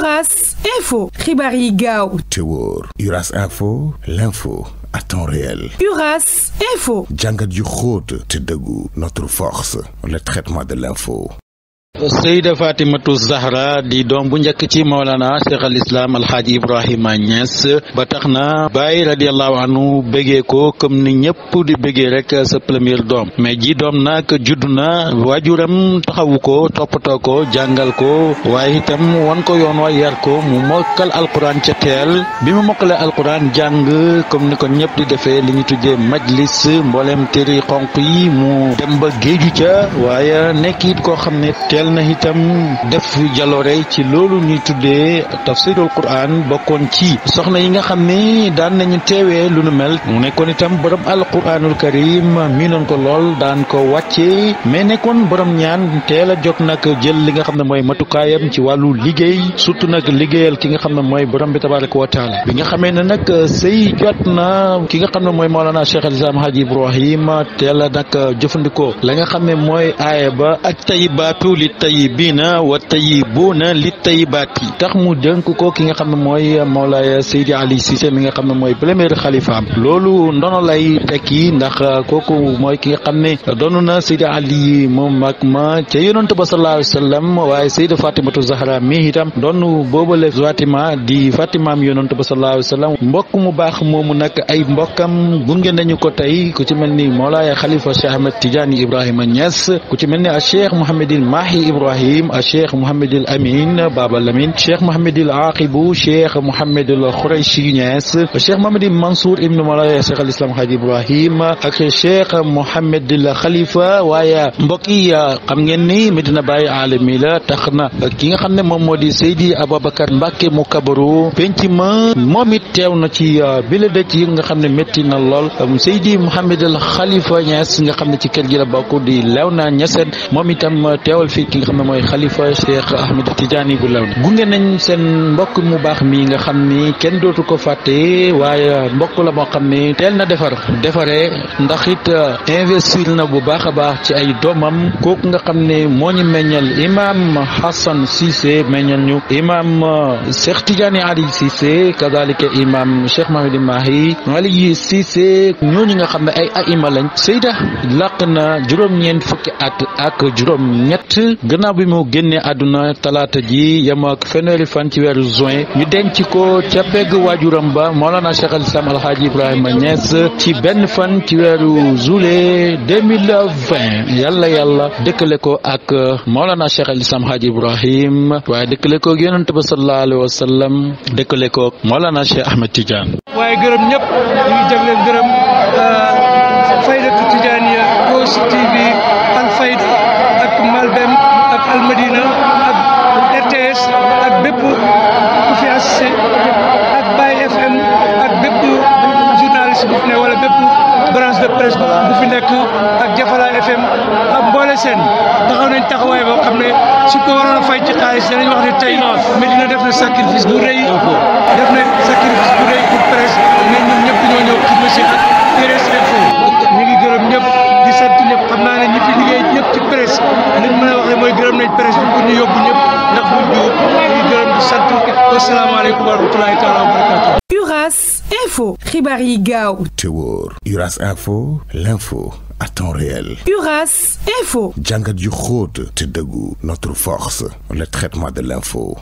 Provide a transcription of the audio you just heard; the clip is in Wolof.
Uras Info Ribari Gao Tewor Uras Info L'info à temps réel. Uras Info Djangat du te Notre force, le traitement de l'info. Sayda Fatimatu Zahra di dom bu njëkk ci Mawlana Cheikh al Islam Alhaaji Ibrahima Niass ba tax na Baye radiallahu anhu bégee ko comme ni ñëpp di bégee rek sa premier doom mais ji doom nag judd na waajuram taxawu ko toppatoo ko jàngal ko waaye itam wan ko yoon wa yar ko mu mokkal alquran ca teel bi mu mokkalee alquran jàng comme ni ko ñëpp di defee li ñu tuddee majlis mbooleem téri xonq yi mu dem ba géeju ca waaye nekk it koo xam yal na itam def jaloore ci loolu ñuy tuddee tafsirul quran bokkoon ci soxna yi nga xam ne daan nañu teewee lu nu mel mu nekkoon itam borom alquranul karim miinoon ko lool daan ko wàcce mais nekkoon borom ñaan teel a jot nag jël li nga xam ne mooy matukaayam ci wàllu liggéey surtout nag liggéeyal ki nga xam ne mooy borom bi tabaraka wa taala bi nga xamee ne nag sëy jot na ki nga xam ne mooy Maolana Cheikh al Islam Haji Ibrahim teel a nag jëfandikoo la nga xam ne mooy aaya tayyibina wa tayyibuna li tayyibaati tax mu jënk ko ki nga xam ne mooy Mawlaaya Seydi Ali Cissé mi nga xam ne mooy premier xalifaam loolu ndono lay tekki ndax kooku mooy ki nga xam ne doon na Seydi Ali moom mag ma ca yonent ba sallallahu alayhi wa sallam waaye Seydi Fatimatu Zahra mi itam doon boobale Fatima di Fatimaam yonent ba sallallahu alayhi mbokk mu baax moomu nag ay mbokkam gunge nañu ko tey ku ci mel ni Mawlaaya Xalifa Cheikh Ahmed Tidiane Ibrahima Niass ku ci mel ni Cheikh Mouhamadine الأمين إبراهيم الشيخ محمد الأمين بابا الأمين الشيخ محمد العاقب الشيخ محمد الخريشي ناس الشيخ محمد منصور ابن مولاي شيخ الإسلام حاج إبراهيم ak Cheikh Mohamed la Khalifa waaye mbokk yi xam ngeen ni Medina Baye Alimi la tax na ki nga xam ne moom moo di Seydi Ababacar Mbacke mu kabaru penc ma moom it teew na ci bile dëkk yi nga xam ne métti na lool Seydi Mohamed al Khalifa Niass nga xam ne ci kër gi la bokk di lew na ñeseen moom itam teewal fi ki nga xam ne mooy xalifa Cheikh Ahmed Tidiane bu law gunge nañ seen mbokk mu baax mi nga xam ni kenn dootu ko fàtte waaye mbokk la moo xam ne teel na defar defaree ndax it euh, investir na bu baax a baax ci ay doomam kooku nga xam ne moo ñu meññal imaam Hassan Cissé meññal ñu imaam euh, Cheikh Tidiane Ali Cissé kadalika imaam Cheikh Mahdi Mahi Ali Cissé ñooñu nga xam ne ay aima lañ Seyda làq na juróom-ñeent fukki at ak juróom-ñett gannaaw bi mu génnee àdduna talaata ji yem ak fan ci weeru juin ñu denc ko ca pegg waajuram ba Mawlana Cheikh al Islam Alhaaji Ibrahima Niass ci benn fan ci weeru juillet 2020 yàlla yàlla dëkkale ko ak Mawlana Cheikh al Islam Alhaaji Ibrahim waaye dëkkale ko ak ba sallallahu alayhi wa sallam dëkkale ko ak Mawlana Cheikh Ahmed Tidiane. waaye gërëm ñëpp ñu jagleel gërëm euh, Faydatu Tidiane de presse bu fi nekk ak Jafala FM ak mboole seen taxaw nañ taxawaay boo a fay wax ne tey Medina def na sacrifice bu rëy def na sacrifice bu rëy pour presse ne ñun ñëpp ñoo ñëw ci monsieur ak RS Info ñu ngi gërëm ñëpp di sant ñëpp xam naa ne ñi fi liggéey ñëpp ci presse mooy gërëm nañ presse bi pour ñu yóbbu ñëpp ndax buñ juub ñu ngi gërëm di sant wasalaamaaleykum wa Uras Info, Ribari Gao Tewor. Uras Info l'info à temps réel Uras Info jàngat yu te notre force le traitement de l'info